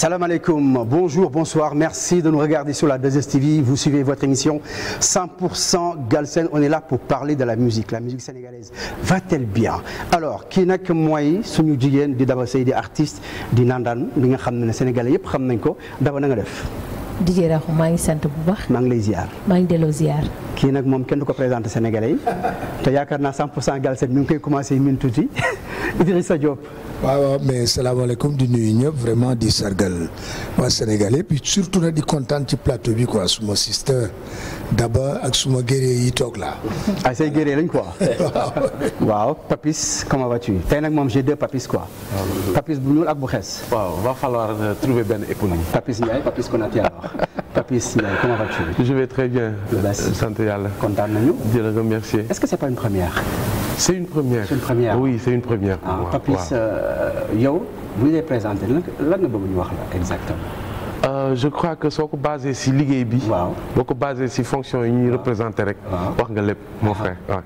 Salam alaikum, bonjour, bonsoir, merci de nous regarder sur la 2STV. Vous suivez votre émission 100% On est là pour parler de la musique. La musique sénégalaise va-t-elle bien Alors, kii nag mooy suñu jigéen di Daba Sey di artiste di nandaan li nga xam ne Sénégalais yëpp xam nañ ko Daba na nga def. DJ Rakhou maa ngi sant bu baax. maa ngi lay ziar. maa ngi delloo ziar. kii nag moom kenn du ko présenté Sénégalais yi te yaakaar naa 100% Galsen mi ngi koy commencé min tuuti Idrissa Diop. waaw waaw mais salaamaaleykum di nuyu ñëpp vraiment di sargal waa Sénégal yëpp surtout nag di kontaan ci plateau bi quoi suma sister Daba ak suma guerrier yi toog la ah say guerrier lañ quoi. waaw Papis comment vas-tu tey nag moom j'ai deux Papis quoi. Papis bu ñuul ak bu xees. waaw va falloir euh, trouver benn épouse. Papis Ndiaye Papis Konaté alors Papis Ndiaye comment vas-tu. je vais très bien. Euh, sant yàlla. kontaan nañu. jërëjëf merci. est-ce que c'est c'est une première c'est une première oui c'est une première. pour ah, moi Papis euh, yow bu ñu lay présenté lan lan nga bëgg ñu wax la exactement. Euh, je crois que soo ko basé ci liggéey bi. waaw boo ko basé ci fonction yi ñuy représenté rek. wax nga lépp mon frère waaw. Ah.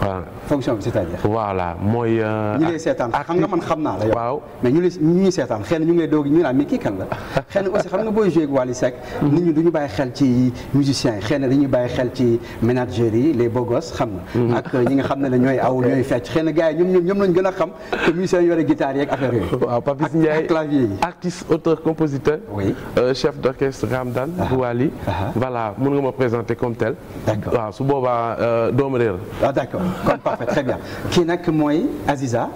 voilà fonction bi cest à mooy. Euh, ñu lay seetaan xam nga man xam naa la yow. waaw mais ñu lay ñu ñuy seetaan xëy na ñu ngay lay doog ñu naan mais kii kan la. xëy na xam nga booy joué ak Wally Seck. Hmm. nit du ñu bàyyi xel ci musiciens yi xëy na dañuy bàyyi xel ci managers yi les beaux xam na hmm. ak ñi nga xam ne ñooy aw ñooy fecc xëy na gars yi ñoom ñoom lañ gën a xam que musiciens yore guitare yeeg affaire yooyu. waaw Papis Ndiaye clavier yi. artiste auteur compositeur. oui euh, chef d'orchestre Ramdan ah bu ah. Ah voilà mun nga ma présenter su boobaa euh, doomu réer. ah d'accord comme parfait très bien kii nag mooy Aziza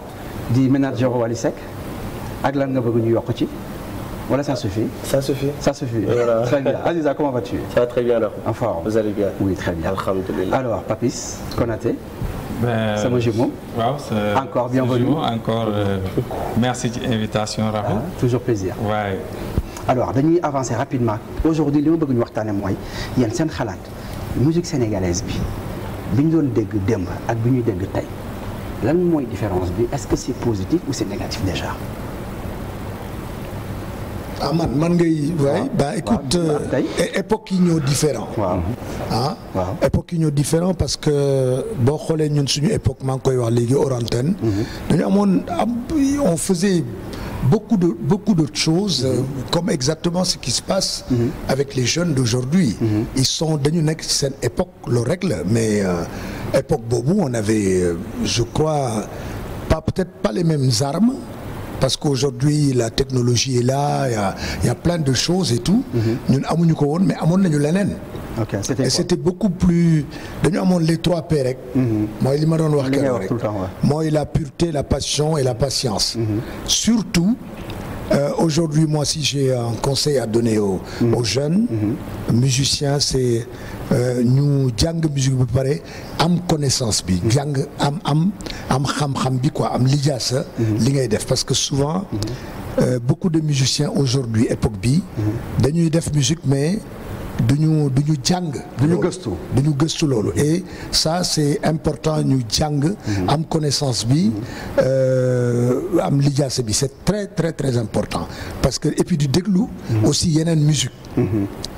di manager Wally Seck ak lan nga bëgg ñu yokk ci wala ça suffit. ça suffit ça suffit. voilà très bien Aziza comment vas-tu. ça va très bien alors. en forme vous allez bien. oui très bien alhamdulilah alors Papis Konaté. Ben, sama jumeau. waaw sa encore bienvenue encore euh, merci ci invitation Rafa. Ah, toujours plaisir. waaye. Ouais. alors dañuy avancer rapidement aujourd'hui li ma bëgg ñu waxtaane mooy yéen seen xalaat musique sénégalaise bi. bi ñu doon dégg démb ak bi ñuy dégg tey lan mooy différence bi est-ce que c'est positif ou c'est négatif déjà. ah man man ngay. waaw bah écoute euh, époque yi ñoo différent ah époque yi ñoo parce que boo xoolee ñun suñu époque maa ngi koy wax léegi hors antenne. Mhm. dañu amoon on faisait. beaucoup de beaucoup d'autres choses. Euh, comme exactement ce qui se passe. Mhm. avec les jeunes d'aujourd'hui mhm. ils sont dañu nekk seen époque lu rek la mais euh, époque boobu on avait euh, je crois pas peut-être pas les mêmes armes. parce qu'aujourd'hui la technologie est là il y a, y a plein de choses et tout. Mhm. ñun amuñu ko woon mais amoon nañu leneen. ok c'était c'était beaucoup plus dañu amoon les trois P rek. Mhm. mooy li ma doon wax keroog rek mooy la pureté la passion et la patience. Mhm. surtout. Euh, aujourd'hui moi si j'ai un conseil à donner aux, mmh. aux jeunes mmh. c'est euh, ñu euh, jàng musique bi pare am connaissance bi mhm. jàng am am am xam bi quoi am lijaasa li ngay def parce que souvent mmh. euh, beaucoup de musiciens aujourd'hui époque bi dañuy def musique mais du ñu du ñu jàng. du ñu ñu gëstu loolu. et ça c'est important ñu jàng. Mm-hmm. am connaissance bi mm-hmm. euh, am lijaase bi c'est très très très important parce que et puis di déglu. Mm-hmm. aussi yeneen musique.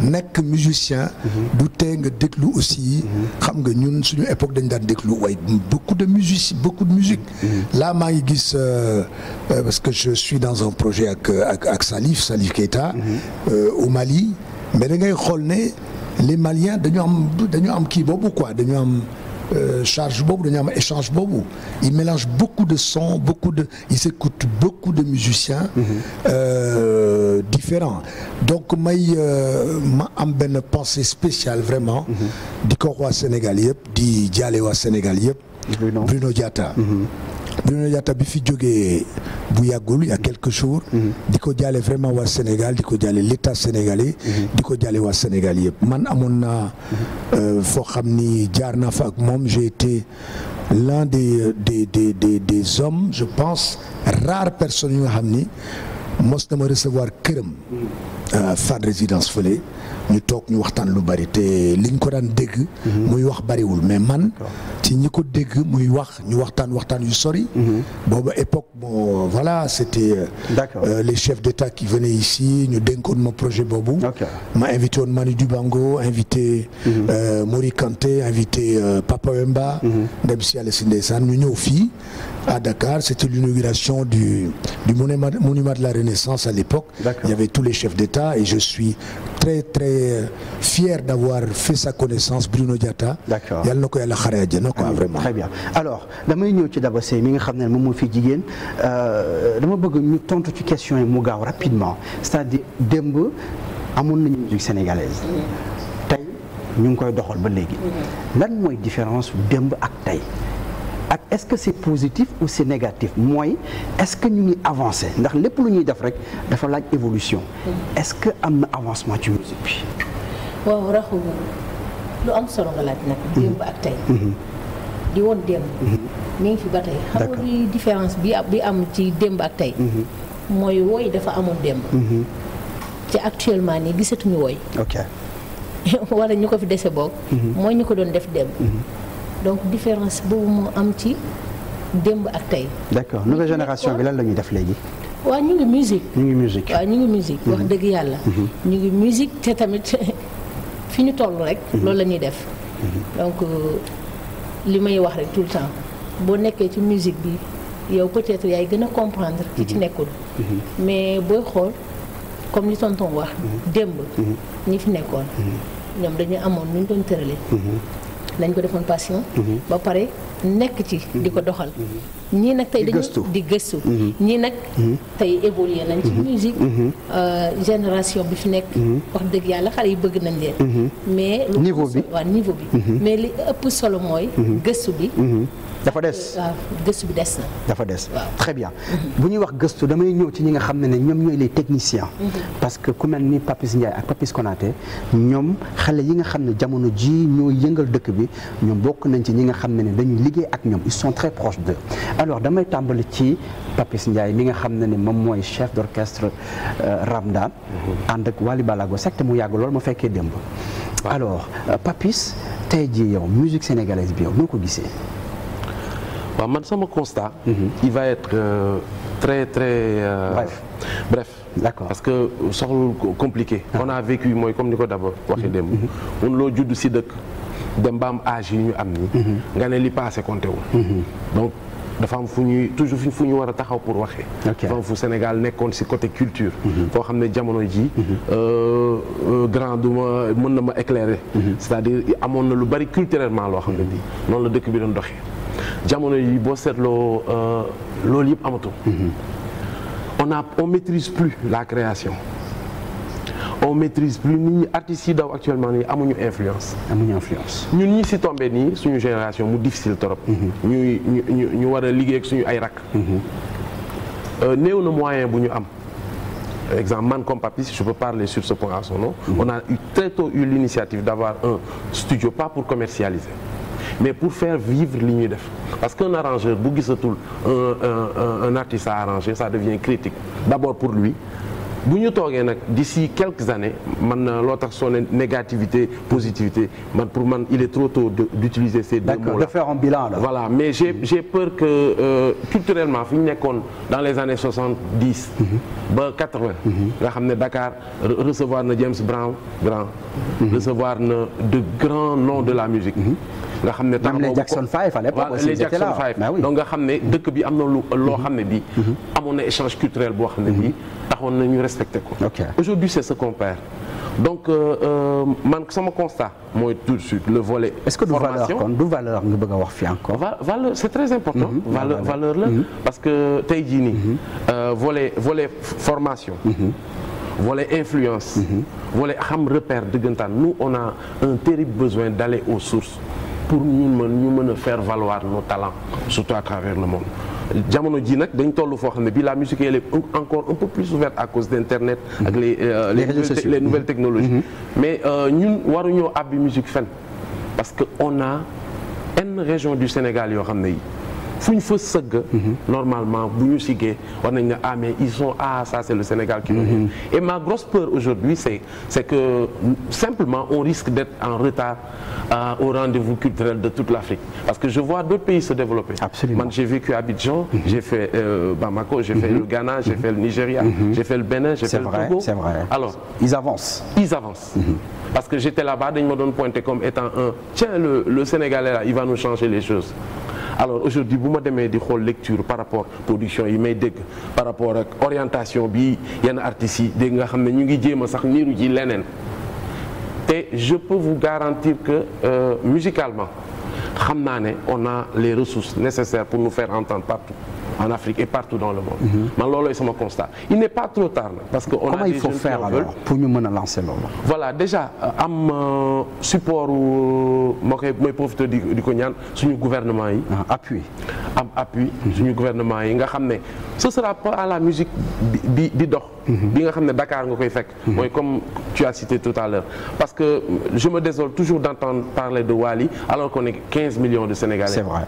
nekk musicien. du tee nga déglu aussi. xam nga ñun suñu époque dañ daan déglu way beaucoup de musique beaucoup de musique. là maa ngi gis euh, euh, parce que je suis dans un projet ak ak ak Salif Salif Keita. au Mali. mais da ngay xool ne les Maliens dañu am dañu am kii boobu quoi dañu am euh, charge boobu dañu am échange boobu ils mélangent beaucoup de son beaucoup de ils écoutent beaucoup de musiciens mhm. euh, différents donc may euh, ma am benn pensée spéciale vraiment mhm. di ko Sénégal yëpp di jaale waa Sénégal yëpp Bruno Diatta mhm. Bruno Diatta bi fi bu yàggul il y a quelques jours. Mm-hmm. di ko jaale vraiment waa Sénégal di ko jaale l'état sénégalais. Mm-hmm. di ko jaale waa Sénégal yëpp man amoon naa mm-hmm. euh, foo xam ni jaar naa fa ak moom j'ai été l'un des euh, des des des des hommes je pense rares personnes yu nga xam ni mos na ma recevoir këram. Euh, Fann Résidence fële. ñu toog ñu waxtaan lu bari te li liñ ko daan dégg. Mhm. muy wax bariwul mais man. ci ñu ko dégg muy wax ñu waxtaan waxtaan yu sori. Mhm. booba époque bon voilà c'était. Euh, d'accord euh, les chefs d'État qui venaient ici ñu dénkoon ma projet boobu. ma invité woon Manu Dibango invité. Mhm. Euh, Mori Kanté invité euh, Papa Wemba. ndem si yàlla si ndeysaan ñu ñëw fii. à Dakar. C'était l'inauguration du, du monument, monument, de la Renaissance à l'époque. Il y avait tous les chefs d'État et je suis très très fier d'avoir fait sa connaissance Bruno Diatta. D'accord yàlla na ko yàlla xare àjjana quoi vraiment. alors damay ñëw ci Daba Seye mi nga xam ne moom moo fi jigéen euh, dama bëgg ñu tontu ci question yi mu gaaw rapidement c'est-à-dire démb amoon nañu musique sénégalaise. tey ñu ngi koy doxal ba léegi. Mm-hmm. lan mooy différence démb ak tey. ak est-ce que c'est positif ou c'est négatif mooy est-ce que ñu ngi avancer ndax lépp lu ñuy def rek dafa laaj évolution est-ce que am na avancement ci musique bi waaw raxu lu am solo laaj nag mhm. démb ak tey mhm. di woon démb mhm. mi ngi fi ba tey xam nga li bi bi am ci démb ak tey mooy woy dafa amoon démb ci actuellement nii gisatuñu woy ok ñu ko fi dese boog mooy ñu ko doon def démb donc différence boobu moo am ci démb ak tey. d'accord nouvelle génération bi lan la ñuy def léegi. waaw ñu ngi musique ñu ngi musique waaw ñu ngi musique mhm. wax dëgg yàlla. Mhm. ñu ngi musique te tamit fi ñu toll rek. Mhm. loolu la ñuy def. donc euh, li may wax rek tout le temps boo nekkee ci musique bi yow peut-être yaay gën a comprendre. ki ci nekkul. mais booy xool comme li tonton wax. démb. ñi fi nekkoon. ñoom dañu amoon nu ñu doon tëralee. nañ ko defoon passion. Mhm. ba pare nekk ci. Mhm. di ko doxal. Mhm. ñii nag tey dañu di gëstu. ñii nag tey évolué nañ ci musique. Euh, génération bi fi nekk. wax dëgg yàlla xale yi bëgg nañ leen. mais niveau bi waa niveau bi. mais li ëpp solo mooy. gëstu bi. dafa des euh, gëstu bi des na. dafa des très bien bu ñuy wax gëstu damay ñëw ci ñi nga xam ne ne ñoom ñooy les technicien mhm. parce que ku mel ni Papis Ndiaye ak Papis Konaté ñoom xale yi nga xam ne jamono jii ñoo yëngal dëkk bi ñoom bokk nañ ci ñi nga xam ne ne dañuy liggéey ak ñoom ils sont très proches d'eux alors damay tàmbali ci Papis Ndiaye mi nga xam ne ni moom mooy chef d'orchestre euh, Ramda. Mhm. ànd ak Wally Balago secte mu yàgg loolu ma fekkee démb. alors euh, Papis tey jii yow musique sénégalaise bi ko gisee. waaw man sama constat. Mhm. il va être euh, très très. Euh, bref bref. parce que soxlul compliqué. Ah. on a vécu mooy comme ni ko d'abord waxee démb. mun mhm. mhm. loo judd si dëkk dem ba am âge yi ñu am nii. nga ne li passé compté wu. donc dafa am fu ñuy toujours fu ñu war a taxaw pour waxee. dafa fu Sénégal nekkoon si côté culture. foo xam ne jamono ji euh, euh, grand du ma mën na ma éclairer. c'est-à-dire amoon na lu bari culturellement loo xam ne bii noonu la dëkk bi doon doxee. jamono yi boo seetloo euh, loolu yëpp amatul. Mhm. on maitrise on plus la création on maitrise plus nit ñi artistes yi daw actuellement nii amuñu influence. amuñu influence ñun ñi si tombé nii suñu génération mu difficile trop. Mhm. ñuy ñu ñu ñu war a liggéey ak suñu ay rak. Mhm. Euh, néew na moyen bu ñu am. par exemple man comme Papis je peux parler sur ce point à son nom. on a eu très tôt eu l'initiative d'avoir un studio pas pour commercialiser. mais pour faire vivre li ñuy def parce qu'un arrangeur bu gisatul un un artiste à arranger ça devient critique d'abord pour lui bu ñu toogee nag d'ici quelques années man euh, loo tax soo négativité positivité man pour man il est trop tôt de d'utiliser ces deux mots là voilà mais j'ai j'ai peur que euh, culturellement fi ñu nekkoon dans les années soixante-dix mhm. ba quatre-vingt mhm. nga xam ne Dakar recevoir na James Brown grand mhm. recevoir na de grands noms de la musique nga xam ne taxaw les Jackson xam ne dëkk bi am na loo xam ne bii mhm. mhm. amoon na échange culturel boo xam ne bii mhm. taxoon na ñu respecté ko aujourd'hui c'est ce qu'on donc euh, euh, man sama constat mooy tout de suite le volet est-ce que du valeur kon a wax fi encore valeur c'est très important valeur valeur la parce que tey jii nii euh, volet volet formation volet influence volet xam repère dëggantaan nous on a un terrible besoin d'aller aux sources pour ñun mën ñu mën a fair valoir nos talents surtout à travers le monde jamono ji nag dañ toll foo xam ne bi la musique elle encore un peu plus ouverte à cause d'internet ak les euh, les, les, mm-hmm. mais euh, ñun waruñoo àbbi musique fen parce que on a n région du Sénégal yoo xam ne yi fu ñu fa sëgg. Mhm. normalement bu ñu siggee war nañ ne ah mais ils sont ah ça c'est le Sénégal qui nous mm -hmm. et ma grosse peur aujourd'hui c'est c'est que simplement on risque d'être en retard euh, au rendez-vous culturel de toute l'Afrique parce que je vois d'autres pays se développer. absolument man j'ai vécu à Abidjan. Mm -hmm. j'ai fait euh, Bamako j'ai mm -hmm. fait mhm. le Ghana j'ai mhm. fait le Nigeria. j'ai fait le Bénin j'ai fait vrai, le Togo c'est vrai c'est vrai alors ils avancent. ils avancent. parce que j'étais là-bas dañ ma doon pointer comme étant un tiens le le Sénégalais là il va nous changer les choses. alors aujourd'hui bu ma demee di xool lecture par rapport production yi may dégg par rapport ak orientation bi yenn artistes yi dégg nga xam ne ñu ngi jéem a sax niiru ji leneen te je peux vous garantir que euh, musicalement xam naa ne on a les ressources nécessaires pour nous faire entendre partout en Afrique et partout dans le monde. Mhm. man loolooy sama constat il n'est pas trop tard parce que on a des jeunes qui en veulent comment il faut faire alors pour ñu mën a lancer loolu. voilà déjà euh, am euh, support moo euh, koy mooy profité di ko ñaan suñu gouvernement yi. Ah, appui am appui. suñu gouvernement yi nga xam ne ce sera pas à la musique di di dox. bi nga xam ne Dakar nga koy fekk. Mhm. mooy comme tu as tout à l'heure parce que je me désole toujours d'entendre parler de Wally alors qu'on est 15 millions de Sénégalais. c'est vrai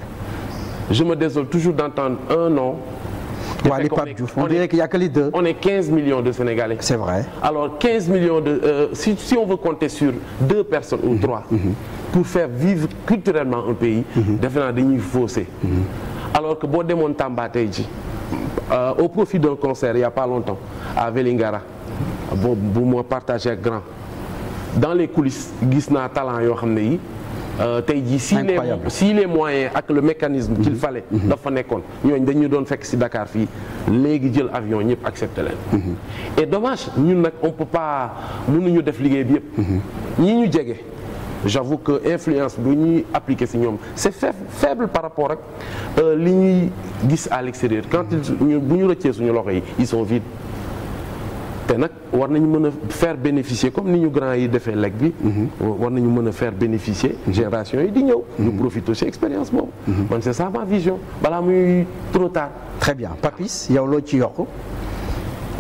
je me désole toujours d'entendre un nom. Wally Pape Diouf on dirait qu'il y a de Sénégalais. c'est vrai alors 15 de euh, si si on veut compter sur deux personnes ou mhm. trois. Mhm. pour faire vivre culturellement un pays. defe naa dañuy fausser. alors que boo demoon Tamba tey ji Euh, au profit d'un concert il y a pas longtemps à Vélingara bu bu ma ak grand dans les coulisses gis naa talent yoo xam ne yi euh, tey jii si les si les moyens ak le mécanisme qu'il mm-hmm. fallait mm-hmm. dafa nekkoon ñooñ dañu doon fekk si Dakar fii léegi jël avion ñëpp accepté leen mm-hmm. et dommage ñun nag on peut pas mënuñu def liggéey bi yëpp ñi ñu jege j'avoue que influence bu ñuy appliquer si ñoom c'est faible par rapport ak euh, li ñuy gis à l'extérieur quand ils bu ñu rëccee suñu loxo yi ils sont vides te nag war nañu mën a faire bénéficier comme ni ñu grand yi defee lekk bi mm-hmm. war nañu mën a faire bénéficier mm-hmm. génération yi di ñëw mm-hmm. ñu profite aussi expérience boobu man c'est ça ma vision balaa muy trop tard très bien Papis yow loo ci yokk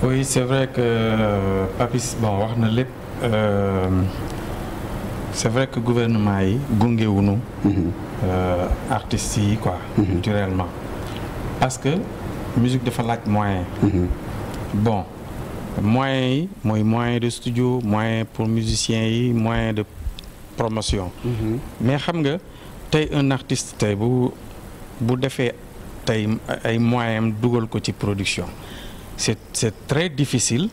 oui que euh, Papis wax na lépp euh, c'est vrai que gouvernement yi gungewuñu euh, artistes yi quoi culturellement parce que musique dafa laaj moyen bon moyen yi mooy moyen de studio moyen pour musiciens yi moyen de promotion mais xam nga tey un artiste tey bu defee tey ay moyen am dugal ko ci production c'est c'est très difficile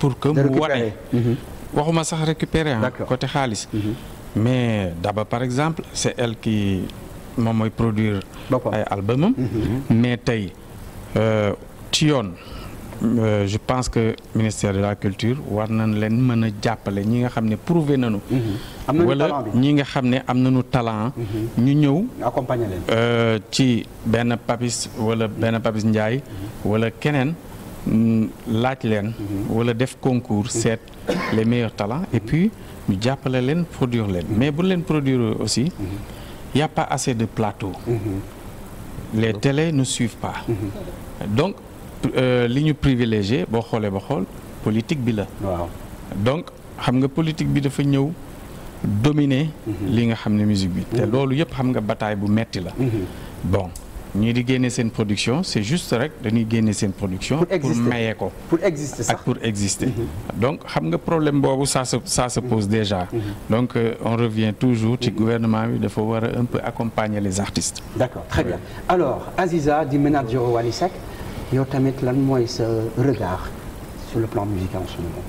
pour que mu wane mhm. waxuma sax récupérer ah côté xaalis mhm. mais Daba par exemple c'est elle qui moom mooy produire ay albumam mhm. mais tey euh, ci yoon euh, je pense que ministère de la culture war nañ leen mën a jàppale ñi nga xam ne prouvé nañu mhm. wala ñi nga xam ne am nañu talent ñu ñëw accompagner leen euh, ci benn Papis wala benn Papis Ndiaye wala keneen Mm, laaj leen mhm. wala def concours seet les meilleurs talents et puis ñu jàppale leen produire leen mhm. mais bu leen produire aussi mhm. y a pas assez de plateau les télés ne suivent pas donc euh, li ñu privilégié boo xoolee ba xool politique bi la donc xam nga politique bi dafa ñëw dominer li nga xam ne musique bi te loolu yëpp xam nga bataille bu metti la ñii di génne seen production c'est juste rek dañuy génne seen production. pour maye ko pour exister sax pour exister. Mhm. donc xam nga problème boobu ça se se mhm. pose déjà. Mhm. donc euh, on revient toujours ci gouvernement bi dafa war a un peu accompagner les artistes. d'accord très bien alors Aziza di manager Wally Seck yow tamit lan mooy sa regard sur le plan musical en ce moment.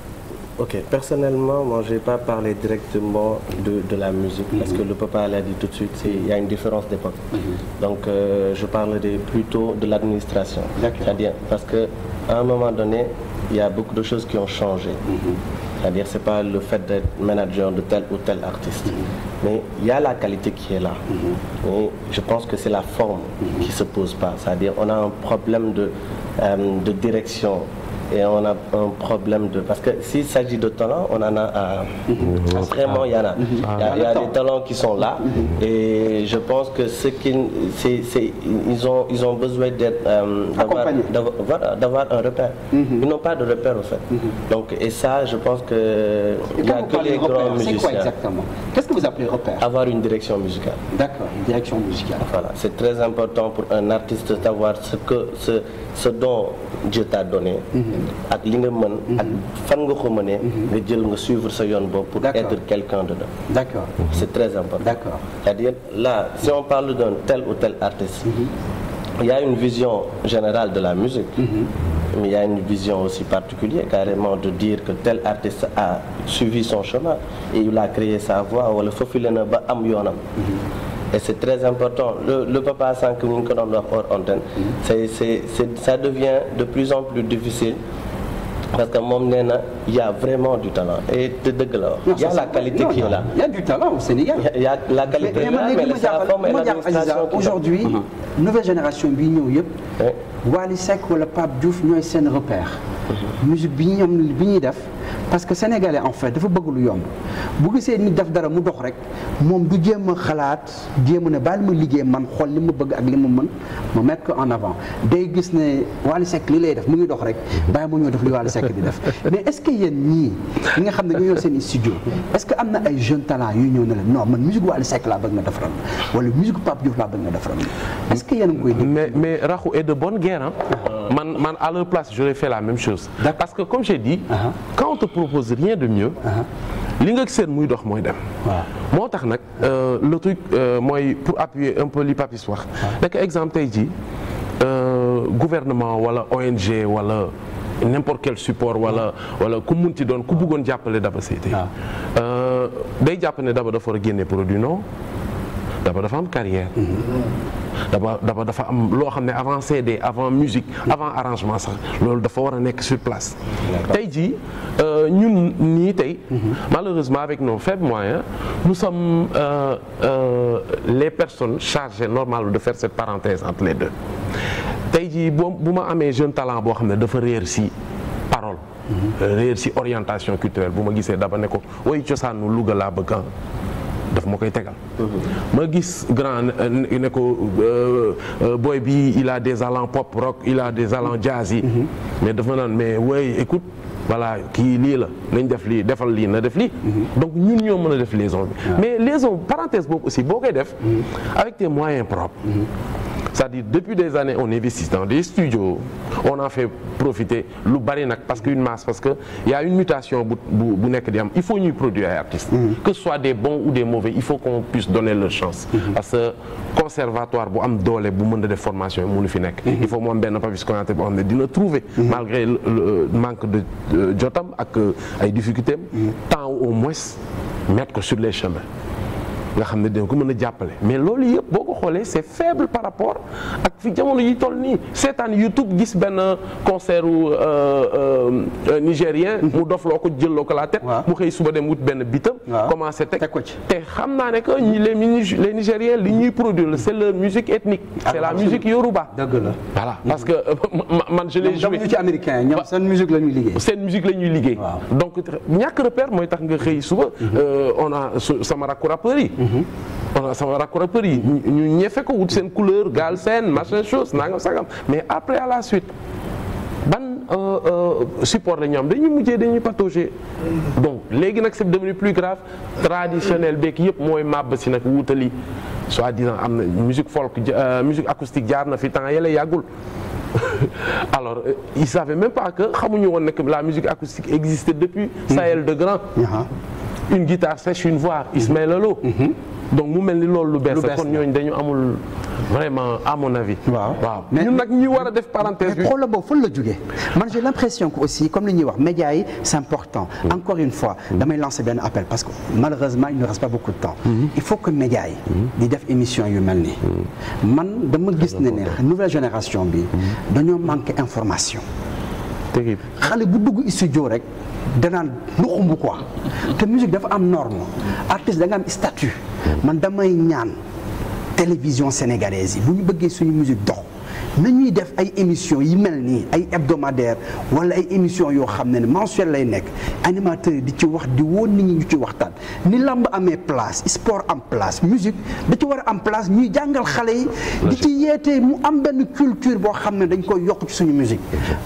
Ok, personnellement, moi, je n'ai pas parlé directement de, de la musique, mm parce que mhm. le papa l'a dit tout de suite, il y a une différence d'époque. Mm -hmm. Donc, euh, je parlerai plutôt de l'administration. cest à parce qu'à un moment donné, il y beaucoup de choses qui ont changé. Mm -hmm. C'est-à-dire, ce n'est pas le fait d'être manager de tel ou tel artiste. Mhm. Mais il y a la qualité qui est là. Mhm. Et je pense que c'est la forme qui ne se pose pas. cest à a un problème de, euh, de direction et on a un problème de parce que s'il s'agit de talent on en a à euh, vraiment mhm. il y en a mhm. il y a ah. des talents qui sont là mhm. et je pense que ce qui c'est c'est ils ont ils ont besoin d'être euh, d'avoir d'avoir un repère ils n'ont pas de repère en fait donc et ça je pense que il n'y a que les grands musiciens. C'est quoi exactement? vous appelez repère Avoir une direction musicale. D'accord, une Voilà, c'est très important pour un artiste d'avoir ce, que, ce, ce dont Dieu t'a donné, avec ce que tu as suivre ce yon pour être quelqu'un dedans. D'accord. C'est très important. D'accord. C'est-à-dire, là, si on parle d'un tel ou tel artiste, mm -hmm. il y a une vision générale de la musique. Mm -hmm. Mais il y a une vision aussi particulière, carrément, de dire que tel artiste a suivi son chemin et il a créé sa voix wala foofu la na ba am yoonam. Mhm. et c'est très important le le papa sànq mu ngi ko doon wax hors antenne. Mhm. c'est c'est ça devient de plus en plus difficile. parce que moom nee na y' a vraiment du talent et te dëgg la wax. y' a la qualité qui est là y' a du talent au Sénégal. y' a la qualité mais mais la forme et l'administration aujourd'hui mm-hmm. nouvelle génération bi ñëw yëpp. Wally Seck wala Pape Diouf ñooy seen repère. Mm-hmm. musique bi ñoom bi ñuy def. parce que sénégalais en fait dafa bëgg lu yomb bu gisee nit def dara mu dox rek moom du jéem a xalaat jéem a ne baal ma liggéey man xool li ma bëgg ak li ma mën ma mettre ko en avant day gis ne Wally Seck li lay def mu ngi dox rek bàyyi ma ñoo def li Wally Seck di def mais est-ce que yéen ñii ñi nga xam ne ñoo yor seen studio est-ce que am na ay jeunes talents yu ñëw ne la non man musique Wally Seck laa bëgg nga defaral wala musique est-ce que yéen a ngi koy mais mais Rakhou est de bonne guerre ah. man propose rien de mieux. li nga seen muy dox mooy dem. moo tax nag euh, le euh, mooy pour appuyer un peu li Papis wax. nekk exemple tey jii euh, gouvernement wala ONG wala. n'importe quel support wala wala ku ci doon ku bëggoon jàppale Daba Seydi day jàpp ne Daba dafa war génne produit non daba dafa am carrière daba daba dafa am loo xam ne avant CD avant musique avant arrangement sax loolu dafa war a nekk sur place tey jii euh, ñun nii tey malheureusement avec nos faibles moyens nous sommes euh, euh les personnes chargées normal de faire cette parenthèse entre les deux tey jii boo bu ma amee jeune talent boo xam ne dafa réer si parole mhm. réer si orientation culturelle bu ma gisee daba ne ko woy cosaanu Louga laa bëgg ah. daf ma koy tegal. Mhm. ma gis grand ne ko euh, euh, boy bi il a des allan pop rock il a des allants mhm. jazz yi. Mhm. mais dafa naan mais way écoute wala kii lii la nañ def lii defal lii na def lii. donc ñun ñoo mën a def liaison bi. mais liaison parenthèse boobu aussi boo koy def. avec tes moyens propres. c'est-à-dire depuis des années on investit dans des studios on en fait profiter lu bari nag parce que une masse parce que y a une mutation bu bu nekk di am il faut ñuy produire ay artistes mm-hmm. que ce soit des bons ou des mauvais il faut qu'on puisse donner leur chance mm-hmm. parce que conservatoire bu am doole bu mën a def formation yi mënu fi nekk mm-hmm. il faut mu am benn Papis Konaté boo xam ne dina trouver malgré le manque de euh, jotam ak euh, ay difficultés temps au moins mettre ko sur les chemins nga xam ne dina ko mën a jàppale mais loolu yëpp boo ko xoolee c'est faible par rapport ak fi jamono yi toll nii seetaan YouTube gis benn concert u euh, euh, euh, nigérien mhm. mu dof loo ko jël loo ko la tête mu xëy suba dem wut benn bitam commencé teg ko ci te xam naa ne que les les nigériens li ñuy produire c'est leur musique ethnique ah, c'est la musique yoruba dëgg la voilà parce que man je l'ai ci américain ñoom seen musique la ñuy liggéey seen musique la ñuy liggéey donc ñàkk repère mooy tax nga xëy suba mhm. on a sama rakku rappeur yi sama rakku rappeur yi ñu ñefe ko wut seen couleur gaal seen machin chose nangam sangam mais après à la suite ban euh, euh, support la ñu am dañuy mujje dañuy patauger donc léegi nag c'est devenu plus grave traditionnel beeg yëpp mooy màbb si nag wutali soi-disant am na musique folk euh, musique acoustique jaar na fi temps yële yàggul alors ils savaient même pas que xamuñu woon ne la musique acoustique existait depuis Sahel de Grand uh-huh. une guitare sèche une voix Ismaël Lô mhm. donc mu mel ni loolu lu bees kon ñooñu dañu amul vraiment à mon avis. waaw waaw ñun nag ñi war a def parenthèse bi. problème boobu fan la jógee man j'ai l'impression que aussi comme li ñuy wax médias yi c'est important. Mm. encore une fois mm. damay lancer benn appel parce que malheureusement il ne reste pas beaucoup de temps. Mm. il faut que médias yi. di def émission yu mel nii. man dama gis ne ne nouvelle génération bi dañoo manqué information. xale bu dugg studio rek danaan nuxumbu quoi te musique dafa am norme artiste da nga am statut man damay ñaan télévision sénégalaise yi bu ñu bëggee suñu musique dox nañuy def ay émissions yi mel nii ay hebdomadaire wala ay émissions yoo xam ne ne mensuel lay nekk animateur yi di ci wax di woon nit ñi ñu ci waxtaan ni lamb amee place sport am place musique da ci war a am place ñuy jàngal xale yi di ci yeete mu am benn culture boo xam ne dañ koy yokk ci suñu musique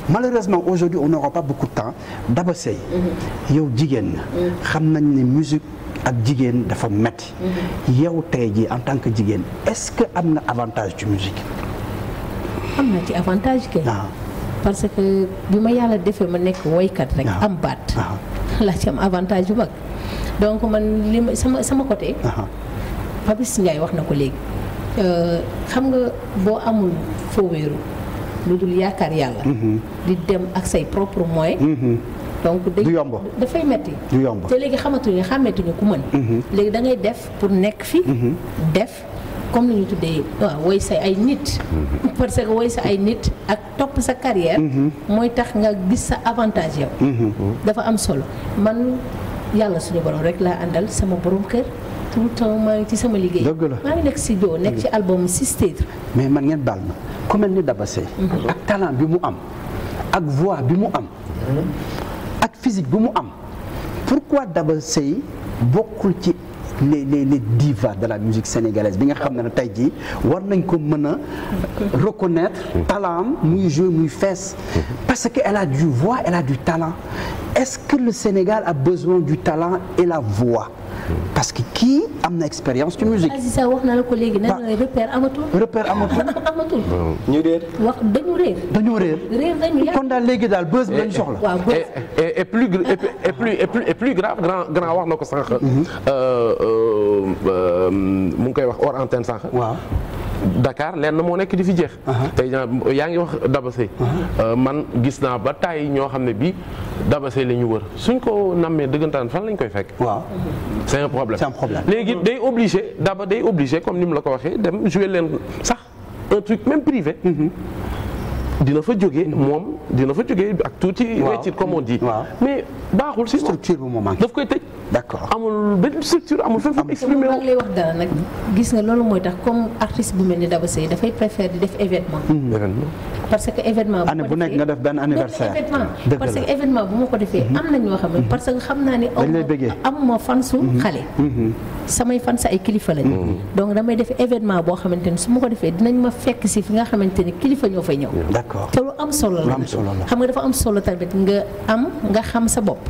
malheureusement aujourd'hui on n'aura pas beaucoup de temps Daba Seye mm-hmm. yow jigéen na mm-hmm. xam nañ ne musique ak jigéen dafa metti mm-hmm. yow tey ji en tant que jigéen est-ce que am na avantage ci am na ci avantage kay parce que bi ma yàlla defee ma nekk woykat rek am baat laa ci am avantage bu mag donc man li ma sama sama côté Papis Ndiaye wax na ko léegi euh, xam nga boo amul foo wéeru lu dul yaakaar yàlla mm-hmm. di dem ak say propre moyen mm-hmm. donc du yomb dafay metti du yomb te léegi xamatuñu xàmmetuñu ku mën mm-hmm. léegi da ngay def pour nekk fi def comme ni ñu tuddee waaw euh, woy sa ay nit. Mm-hmm. parce que woy sa ay nit ak topp sa carrière. Mm-hmm. mooy tax nga gis sa avantage yow. Mm-hmm. dafa am solo man yàlla suñu borom rek laa àndal sama borom kër. tout le maa ngi ci sama liggéey. dëgg la maa ngi nekk si doo nekk ci album six titres mais man ngeen baal ma ku mel ni Daba Seye ak talent bi mu am ak voix bi mu am. ak physique bi mu am pourquoi Daba Seye bokkul ci. les les les divas de la musique sénégalaise bi nga xam ne tey jii war nañ ko mën a reconnaître talent muy jouer muy fees parce que elle a du voix elle a du talent est-ce que le Sénégal a besoin du talent et la voix parce que kii am na expérience ci musique. Aziz Sa wax na la ko léegi nee na repère amatul. repère amatul amatul. ñu réer. wax dañu réer. dañu réer. kon daal léegi daal buzz bi lañu soxla. waaw buzz et plus et grand grand wax na ko sànq. Mhm. Euh, euh, euh, mu ngi koy wax hors antenne sànq. waaw. Dakar lenn moo nekk di fi jeex. te yaa ngi wax Dabasé. man gis naa ba tàyyi ñoo xam ne bi Dabasé la ñu wër suñ ko namee dëggantaan fan lañ koy fekk. waaw c'est un problème c'est un problème léegi day obligé daba day obligé comme ni mu la ko waxee dem jouer leen sax un truc même privé. Mhm. dina fa jógee mhm. moom dina fa jógee ak tuuti. récit comme on dit. mais baaxul si structure bu moom manqué daf koy tëj. d'accord amul benn structure amul fenn fu exprimer wu. lay wax dara nag gis nga loolu mooy tax comme artiste bu mel ni Daba Seye dafay préférer di def événement. Mhm. parce que événement. année bu nekk nga def benn anniversaire dëgg parce que événement bu ma ko defee. Mhm. am na ñoo xam ne mhm. parce que xam naa ne. am ma fan su mhm. xale. samay fan sa ay kilifa lañu. donc damay def événement boo xamante ni su ma ko defee dinañ ma fekk si fi nga xamante ni kilifa ñoo fay ñëw. d'accord te lu am solo la. xam nga dafa am solo tamit nga am nga xam sa bopp.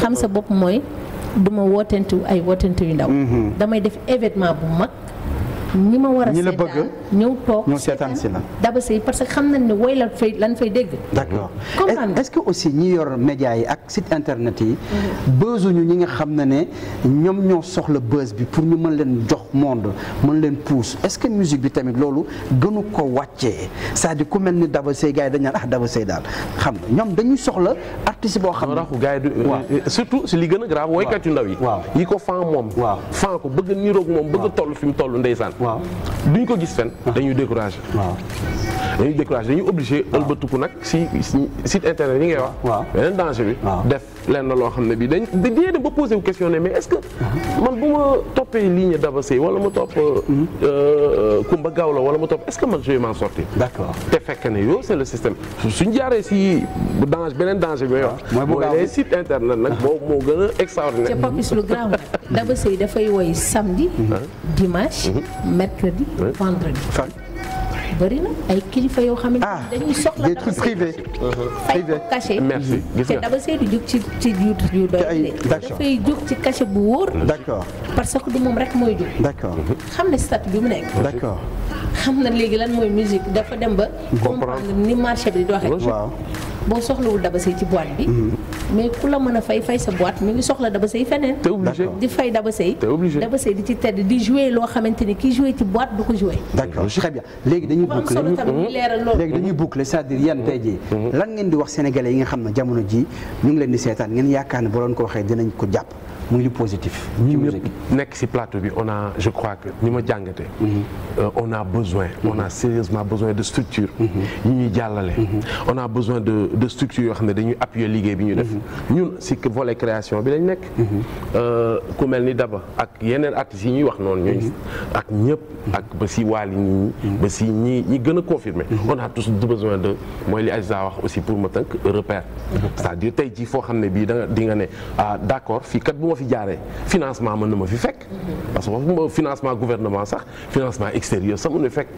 xam sa bopp mooy du ma wootentu ay wootentu yu ndaw. damay def événement bu mag. ñi ma war a seetaan ñëw toog ñëw seetaan si la Daba Seye parce que xam na ne woy lan fay lan fay dégg. d'accord est-ce que aussi ñi yor média yi ak site internet yi. buzzuñu ñi nga xam ne ne ñoom ñoo soxla buzz bi pour ñu mën leen jox monde mën leen pousse est-ce que musique bi tamit loolu gënu ko wàccee c'est-à-dire ku mel ni Daba Seye gars yi dañu ah, Daba Seye daal xam nga ñoom dañuy soxla artiste boo xam ne. gars yi du euh, euh, surtout si li gën a grave woykat yu ndaw yi. waaw ko fan moom. waaw fan ko bëgg niroog moom bëgg toll fi mu toll ndeysaan waaw duñ ko gis fen ah. dañuy découragé waaw dañuy découragé dañuy obligé. waaw ëlbatiku nag si site internet yi ngay wax. waaw beneen danger bi. def lenn loo xam ne bii dañ dañuy dem ba posé wu question ne mais est ce que. Uh-huh. man bu ma toppee ligne Daba Seye wala ma topp. Kumba uh-huh. euh, la wala ma topp est ce que man je vais d' accord te fekk ne yow c' est le système suñ jaaree si danger beneen danger bi may wax. mooy les sites internet nag boobu moo gën a extraordinaire. ca Papis lu grave Daba Seye dafay woy samedi. Uh-huh. dimanche. mercredi vendredi. bëri na ay kilifa yoo xam ne. Ah, dañuy soxla daba privé. privé ci ci yu yu doy. ci caché bu wóor. d'accord parce que du moom rek mooy jug. d'accord xam ne statut bi mu nekk. d'accord xam na léegi lan mooy musique dafa dem ba. comprendre ni marché bi di doxee. boo soxlawul dabasay ci boîte bi. Mhm. mais ku la mën a fay fay sa boîte mi ngi soxla dabasay feneen. te obligé di fay dabasay. te obligé dabasay di ci tedd di jouer loo xamante ni ki jouer ci boîte du ko jouer. d' accord très bien léegi dañuy boucler léegi dañuy boucler c' est à dire yan mhm. lan ngeen di wax sénégale yi nga xam ne jamono jii ñu ngi leen di seetaan ngeen yaakaar ne bu doon ko waxee dinañ ko jàpp muy lu positif. ci musique ñun nekk si plateau bi on a je crois que ni ma jàngate mhm. euh, on a besoin. Mhm. on a sérieusement besoin de structure. Mhm. ñu ñuy jàllale. on a besoin de de structure yoo xam ne dañuy appuyer liggéey bi ñu def. ñun si volet création bi lañ nekk. Euh, ku mel ni Daba ak yeneen artistes yi ñuy wax noonu ñooñu. ak ñëpp ak ba si waali ñi ba si ñi ñi gën a confirmer on a tous besoin de mooy li Aziza wax aussi pour ma tënk repère. cest à tey jii foo xam ne bii da ne ah, d'accord fii kat bu ma fi jaaree financement mën na ma fi fekk parce que waxuma financement gouvernement sax financement extérieur sax mën na fekk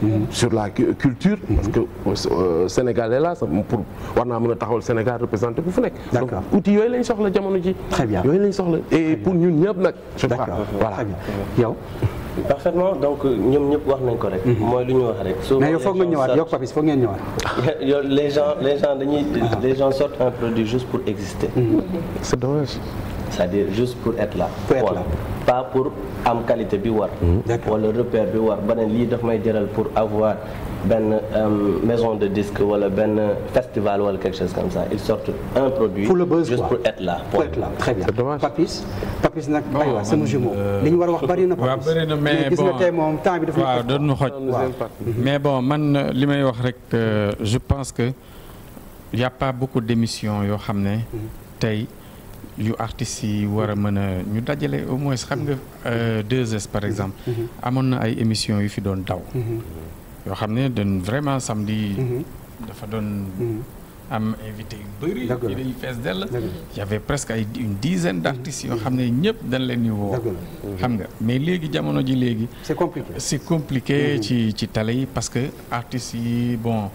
sur la culture parce que euh, sénégalais la sax pour war naa mën a taxawal Sénégal représenté bu fu nekk donc outil yooyu lañ soxla jamono ji très bien yooyu lañ soxla et pour ñun ñëpp nag je crois voilà yow parfaitement donc ñoom ñëpp wax nañ ko rek. Mhm. mooy lu ñu wax rek. souvent mais yow foog nga ñëwaat yow Papis foog ngeen ñëwaat. yow les gens les gens dañuy ah. les gens sortent un produit juste pour exister. Mhm. c'est dommage. c'est-à-dire juste pour être là. pour être là pas pour am qualité bi war. Hmm, wala repère bi war ba ne lii may jëral pour avoir benn euh, maison de disque wala benn festival wala quelque chose comme ça ils sortent un produit. pour le buzz juste pour être là. pour être là très bien. Papis Papis euh, li ñu war wax bari na. Papis waaw bari na mais bon gis nga tey moom temps bi dafa. mais bon man li may wax rek euh, je pense que y a pas beaucoup d'émissions yoo xam ne hmm. tey. yu artistes yi war a mën a ñu dajale au moins xam nga 2S euh, par exemple mm-hmm. Mm-hmm. amoon na ay émissions yu fi doon daw mm-hmm. yoo xam ne dañ vraiment samedi dafa doon am invité yu bëri yi dañuy fees dell y avait presque ay une dizaine d' artistes yoo xam ne ñëpp dañ leen di woo xam nga mais léegi jamono ji léegi c'est compliqué ci ci tale yi parce que artistes yi bon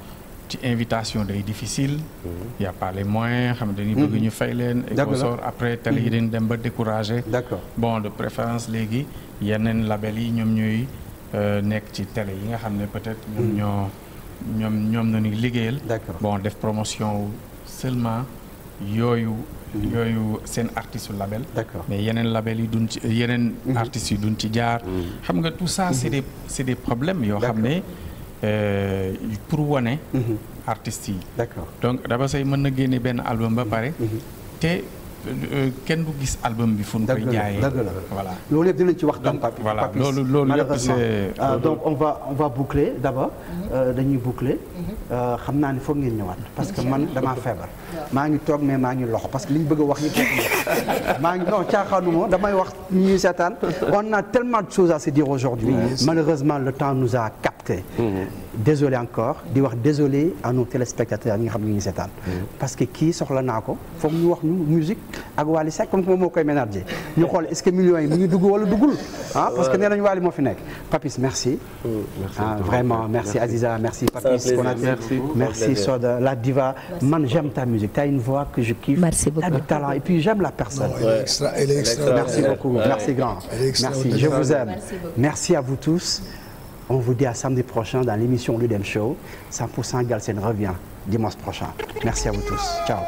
ci invitation day difficile. Mm-hmm. y' a pas les moyens xam dañuy bëgg mm-hmm. ñu fay leen. d' accord après télé yi mm-hmm. dañ dem ba découragé. d' accord bon de préférence léegi yeneen label yi ñoom ñooy euh, nekk ci télé yi nga xam ne peut-être. ñoom ñoo ñoom ñoom nañu liggéeyal. bon def promotion seulement yooyu. yooyu seen artiste label. d' accord mais yeneen label yi duñ ci yeneen. artistes yi ci jaar. xam nga tout ça c' est des c' est yoo xam ne. Euh, pour wane. Mhm. artistes yi. d'accord donc Daba Seye mën na génne benn album ba pare. Mhm. te Euh, kenn du gis album bi fu ñu koy jaayee voilà loolu yëpp dinañ ci waxtaan papi voilà loolu loolu yëpp c'est ah, euh, donc on va on va boucler d'abord mhm. euh, dañuy boucler mhm. xam naa ne foog ngeen ñëwaat parce que man damaa feebar maa ngi toog mais maa ngi loxo parce que li ñu bëgg wax ñu toog maa ngi non caaxaanuma damay wax ñuy seetaan on a tellement de choses à se dire aujourd'hui malheureusement le temps nous a capté mhm. désolé encore di wax désolé à nos téléspectateurs yi nga xam ne ñu ngi seetaan. Mm-hmm. parce que kii soxla naa ko foog ñu wax ñu musique ak Wally Seck comme que moom moo koy ménager ñu xool est-ce que millions yi mu ngi dugg wala duggul. ah parce que nee nañu Wally moo fi nekk. Papis merci. Mm, merci ah, vraiment merci, merci Aziza merci Papis. kon merci merci Soda la diva. man j'aime ta musique t'as une voix que je kiffe. merci beaucoup t'as du talent et puis j'aime la personne. non elle est extra elle est extra merci beaucoup merci grand. merci je vous aime merci à vous tous. On vous dit à samedi prochain dans l'émission Ludem Show. 100% Galsen revient dimanche prochain. Merci à vous tous. Ciao.